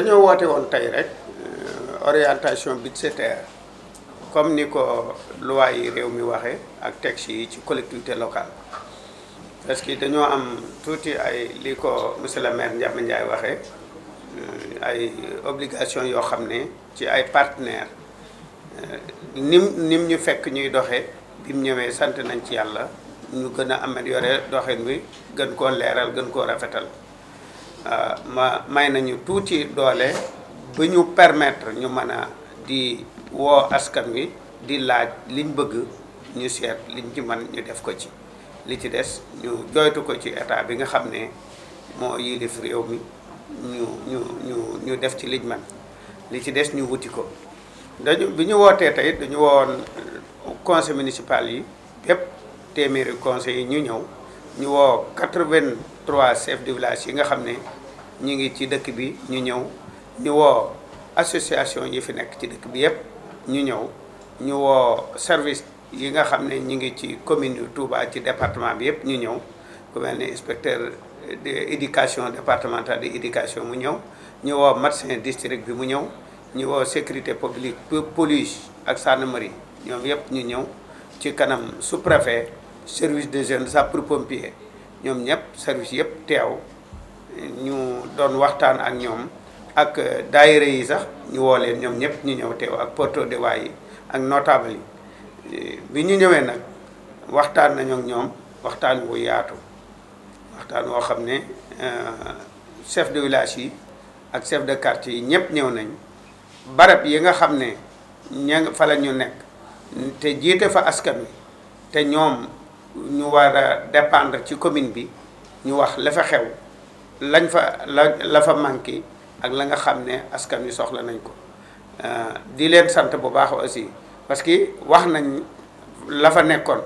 dañoo woote woon tey rek euh, orientation budgétaire comme ni ko loi yi réew mi waxee ak texte yi ci collectivité locale parce que dañoo am tuuti ay li ko monsieur le maire Ndiame Ndiaye waxee euh, ay obligation yoo xam ne ci ay partenaires euh, nim nim ñu fekk ñuy doxee bi mu ñëwee sant nañ ci yàlla ñu gën a améliorer doxe bi gën koo leeral gën koo rafetal Euh, ma may nañu tuuti doole ba ñu permettre ñu mën a di woo askan wi di laaj liñ bëgg ñu seet liñ ci mën ñu def ko ci li ci des ñu joytu ko ci état bi nga xam ne moo yilif réew mi ñu ñu ñu ñu def ci liñ man li ci des ñu wuti ko dañu bi ñu wootee tey dañu woowoon conseil municipal yi bépp téeméeri conseil yi ñu ñëw ñu woo 83 chefs de village yi nga xam ne ñu ngi ci dëkk bi ñu ñëw ñu woo association yi fi nekk ci dëkk bi yépp ñu ñëw ñu woo service yi nga xam ne ñu ngi ci commune yu Touba ci département bi yépp ñu ñëw ku mel ni inspecteur de éducation départementale de éducation mu ñëw ñu woo médecin district bi mu ñëw ñu woo sécurité publique police ak gendarmerie ñoom yépp ñu ñëw ci kanam sous-préfet service des jeunes sapeurs-pompiers ñoom ñëpp service yëpp teew ñu doon waxtaan ak ñoom ak euh, daayira yi sax ñu woo ñoom ñëpp ñu ñëw teew ak porteur de voix yi ak notable yi bi ñu ñëwee nag waxtaan nañu ak ñoom waxtaan wu yaatu waxtaan woo xam ne euh, chef de village yi ak chef de quartier yi ñëpp ñëw nañu barab yi nga xam ne ña fa la ñu nekk te jiite fa askan wi te ñoom ñu war a ci commune bi ñu wax la xew lañ fa la la fa manqué ak la nga xam ne askan wi soxla nañ ko euh, di leen sant bu baax aussi parce que wax nañ lafa nekkoon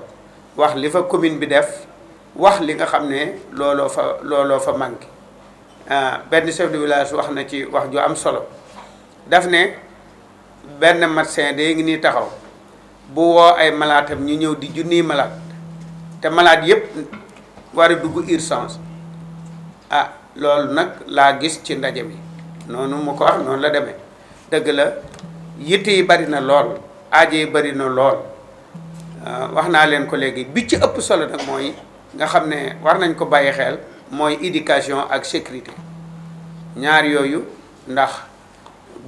wax li fa commune bi def wax li nga xam ne looloo fa looloo fa manqué euh, benn chef de village wax na ci wax ju am solo def ne benn médecin de ngi ni taxaw bu woo ay malaatam ñu ñëw di junni malaat te malaat yëpp war a dugg urgence ah loolu nag laa gis ci ndaje bi noonu mu ko wax noonu la deme dëgg la yitte yi bari na lool aajo yi bari na lool ah, wax naa leen ko léegi bi ci ëpp solo nag mooy nga xam ne war nañ ko bàyyi xel mooy éducation ak sécurité ñaar yooyu ndax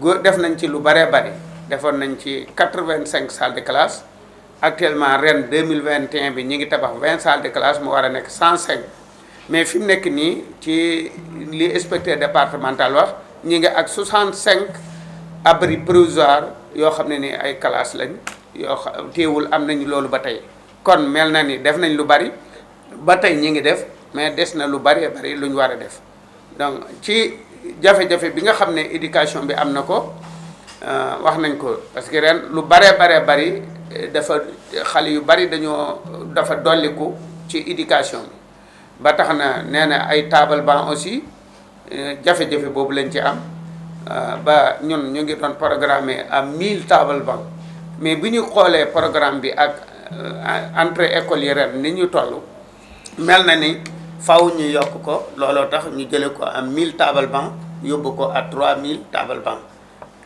góor def nañ ci lu baree bari defoon nañ ci quatre-vingt-cinq salles de classe actuellement ren 2021 bi ñu ngi tabax 20 salles de classe mu war a nekk 105 mais fi mu nekk nii ci li inspecteur départemental wax ñi ngi ak 65 abri provisoire yoo xam ne ni ay classe lañ yoo xam téewul am nañu loolu ba tey kon mel na ni def nañ lu bari ba tey ñu ngi def mais des na lu bari bari lu ñu war a def donc ci jafe-jafe bi nga xam ne éducation bi am na ko euh, wax nañ ko parce que ren lu baree baree bari dafa xale yu bari dañoo dafa dolliku ci éducation bi ba tax na nee na ay table ban aussi euh, jafe-jafe boobu lañ ci am euh, ba ñun ñu ngi doon programmer am mille table ban mais bu ñu xoolee programme bi ak euh, entrée école yi ren ni ñu toll mel na ni faw ñu yokk ko looloo tax ñu jële ko am mille table ban yóbbu ko à 3000 table ban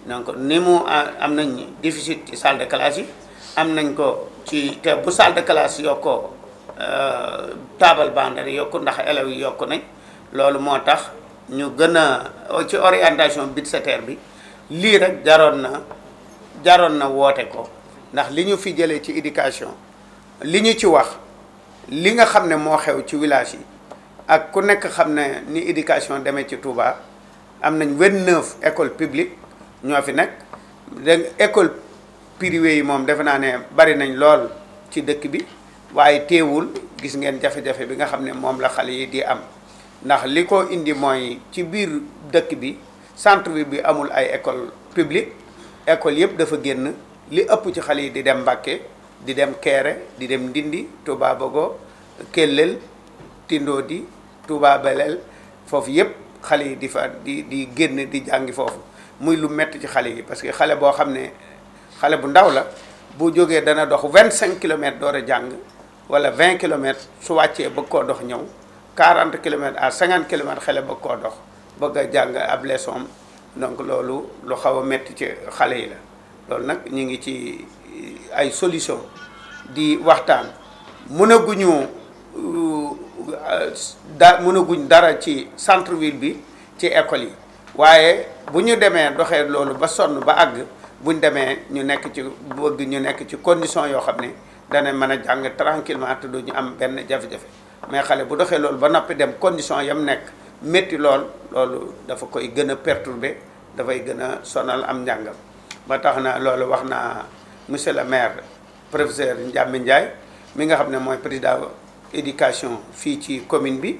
donc ni mu am nañ déficit ci salle de classe yi am nañ ko ci te bu salle de classe yokkoo euh, taabal bandar yokku ndax élèves yi yokku nañ loolu moo tax ñu gën a ci orientation budgétaire bi lii rek jaroon na jaroon na woote ko ndax li ñu fi jëlee ci éducation li ñu ci wax li nga xam ne moo xew ci village yi ak ku nekk xam ne ni éducation demee ci Touba am nañ vingt-neuf école publique ñoo fi nekk école privé yi moom defe naa ne bari nañ lool ci dëkk bi waaye téewul gis ngeen jafe-jafe bi nga xam ne moom la xale yi di am ndax li ko indi mooy ci biir dëkk bi centre bi bi amul ay école publique école yëpp dafa génn li ëpp ci xale yi di dem Mbàkke di dem Keere di dem Ndindi Touba Bogo Kellel Tindoodi Touba Belel foofu yëpp xale yi di fa di di génn di jàngi foofu muy lu metti ci xale yi parce que xale boo xam ne xale bu ndaw la bu jógee dana dox vingt cinq kilomètres door a jàng wala vingt kilomètres su wàccee bëgg koo dox ñëw quarante kilomètres à 50 kilomètres xale bëgg koo dox bëgg a jàng ab leçon donc loolu lu xaw a métti ci xale yi la loolu nag ñu ngi ci euh, ay solution di waxtaan mënaguñu euh, da mënaguñ dara ci centre ville bi ci école yi waaye bu ñu demee doxee loolu ba sonn ba àgg bu buñ demee ñu nekk ci bëgg ñu nekk ci condition yoo xam ne dana mën a jàng tranquillement te du ñu am benn jafe-jafe mais xale bu doxee loolu ba noppi dem condition yam nekk métti lool loolu dafa koy gën a perturber dafay gën a sonal am njàngam ba tax na loolu wax naa monsieur le maire professeur Ndiamé Ndiaye mi nga xam ne mooy président éducation fii ci commune bi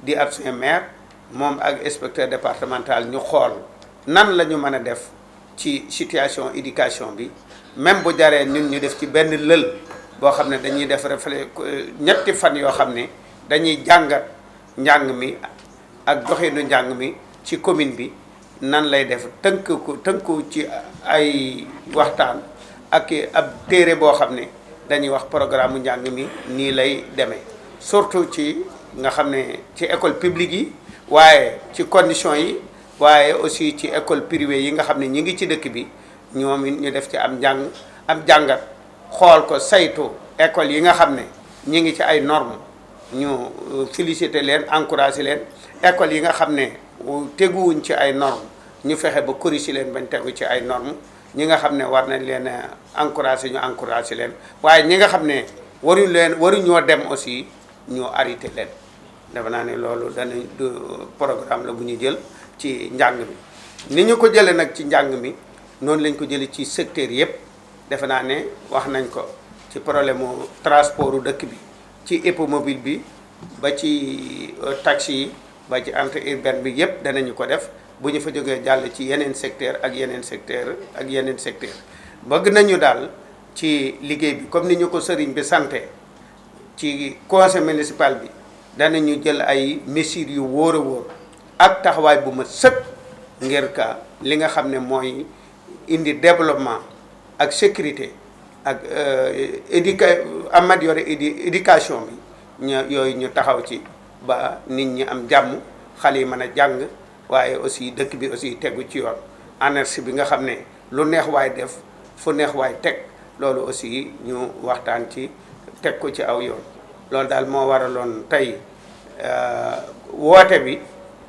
di adjoint maire moom ak inspecteur départemental ñu xool nan la ñu mën a def ci situation éducation bi même bu jaree ñun ñu def ci benn lël boo xam ne dañuy def reflet euh, ñetti fan yoo xam ne dañuy jàngat njàng mi ak doxinu njàng mi ci commune bi nan lay def tënk ko tënku ci ay waxtaan ak ab téere boo xam ne dañuy wax programme njàng mi nii lay demee surtout ci nga xam ne ci école publique yi waaye ci condition yi waaye aussi ci école privée yi nga xam ne ñi ngi ci dëkk bi ñoom it ñu def ci am njàng am jàngat xool ko saytu école yi nga xam ne ñi ngi ci ay normes ñu euh, féliciter leen encourager leen école yi nga xam ne euh, teguwuñ ci ay normes ñu fexe ba corriger leen bañ tegu ci ay normes ñi nga xam ne war nañ leen a encourager ñu encourager leen waaye ñi nga xam ne waruñ leen waruñoo dem aussi ñu arrêter leen defe naa ne loolu danañ du euh, programme la bu ñu jël ci njàng mi ni ñu ko jëlee nag ci njàng mi noonu lañ ko jëlee ci secteur yëpp defe naa ne wax nañ ko ci problème mu transportu dëkk bi ci hippomobile bi ba ci euh, taxi ba ci entre urbaine bi yëpp danañu ko def bu ñu fa jógee jàll ci yeneen secteur ak yeneen secteur ak yeneen secteur bëgg nañu daal ci liggéey bi comme ni ñu ko sëriñ bi santé ci conseil municipal bi danañu jël ay mesures yu wóor a wóor ak taxawaay bu ma sëpp ngir ka li nga xam ne mooy indi développement ak sécurité ak euh, éduca améliorer éducation bi ñu yooyu ñu taxaw ci ba nit ñi am jàmm xale yi mën a jàng waaye aussi dëkk bi aussi tegu ci yoon anarchie bi nga xam ne lu neex def fu neex waay teg loolu aussi ñu waxtaan ci teg ko ci aw yoon loolu daal moo waraloon tey euh, woote bi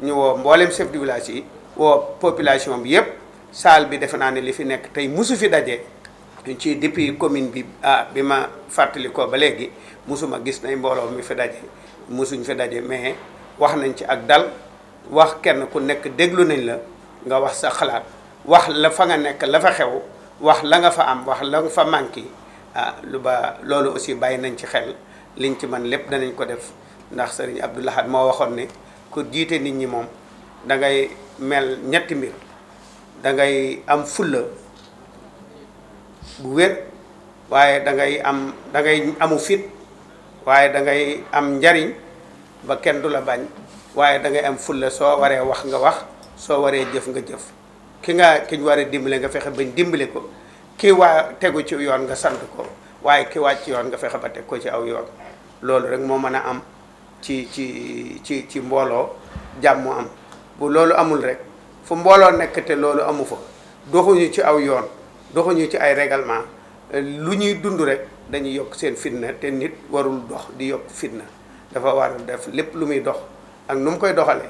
ñu woo mboolem chef de village yi woo population bi yëpp salle bi defe naa ne li fi nekk tey musu fi daje ci depuis commune bi ah bi ma fàttali ko ba léegi musuma gis nay mbooloo mi fi daje musuñ fi daje mais wax nañ ci ak dal wax kenn ku nekk déglu nañ la nga wax sa xalaat wax la fa nga nekk la fa xew wax la nga fa am wax la nga fa manqué ah lu ba loolu aussi bàyyi nañ ci xel liñ ci man lépp danañ ko def ndax sëriñ Abdou Lahad moo waxoon ni ku jiite nit ñi moom da ngay mel ñetti mbir dangay am fulla bu wér waaye dangay am dangay amu fit waaye dangay am njariñ ba kenn du la bañ waaye dangay am fulla soo waree wax nga wax soo waree jëf nga jëf ki nga ki ñu war a dimbale nga fexe bañ dimbale ko kii waa tegu ci yoon nga sant ko waaye kii waa ci yoon nga fexe ba teg ko ci aw yoon loolu rek moo mën a am ci ci ci ci mbooloo jàmm am bu loolu amul rek fu mbooloo nekk te loolu amu fa doxuñu ci aw yoon doxuñu ci ay règlement lu ñuy dund rek dañuy yokk seen fitna te nit warul dox di yokk fitna dafa war def lépp lu muy dox ak nu mu koy doxale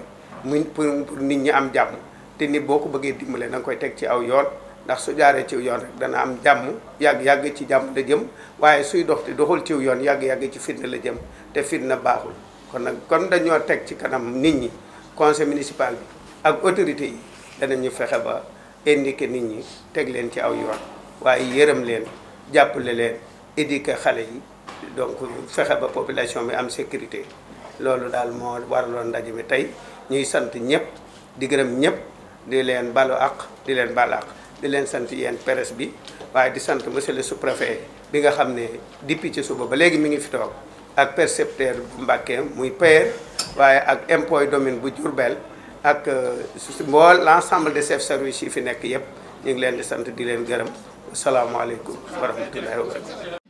mu nit ñi am jàmm te nit boo ko bëggee dimbale da nga koy teg ci aw yoon ndax su jaaree ciw yoon rek dana am jàmm yàgg-yàgg ci jàmm la jëm waaye suy dox te doxul ciw yoon yàgg-yàgg ci fitna la jëm te fitna baaxul kon nag kon dañoo teg ci kanam nit ñi conseil municipal bi ak autorité yi danañu fexe ba indiquer nit ñi teg leen ci aw yoon waaye yërëm leen jàppale leen éduquer xale yi donc fexe ba population bi am sécurité loolu daal moo waraloon ndaje mi tey ñuy sant ñëpp di gërëm ñëpp di leen balu àq di leen balu àq di leen sant yéen presse bi waaye di sant monsieur le sous bi nga xam ne depuis ci suba ba léegi mi ngi fi toog ak percepteur bu Mbacké muy payer waaye ak impôt domaine bu Diourbel ak euh, mbool l' ensemble des chefs services yi fi nekk yëpp ñu ngi leen di sant di leen gërëm asalaamaaleykum wa rahmatullahi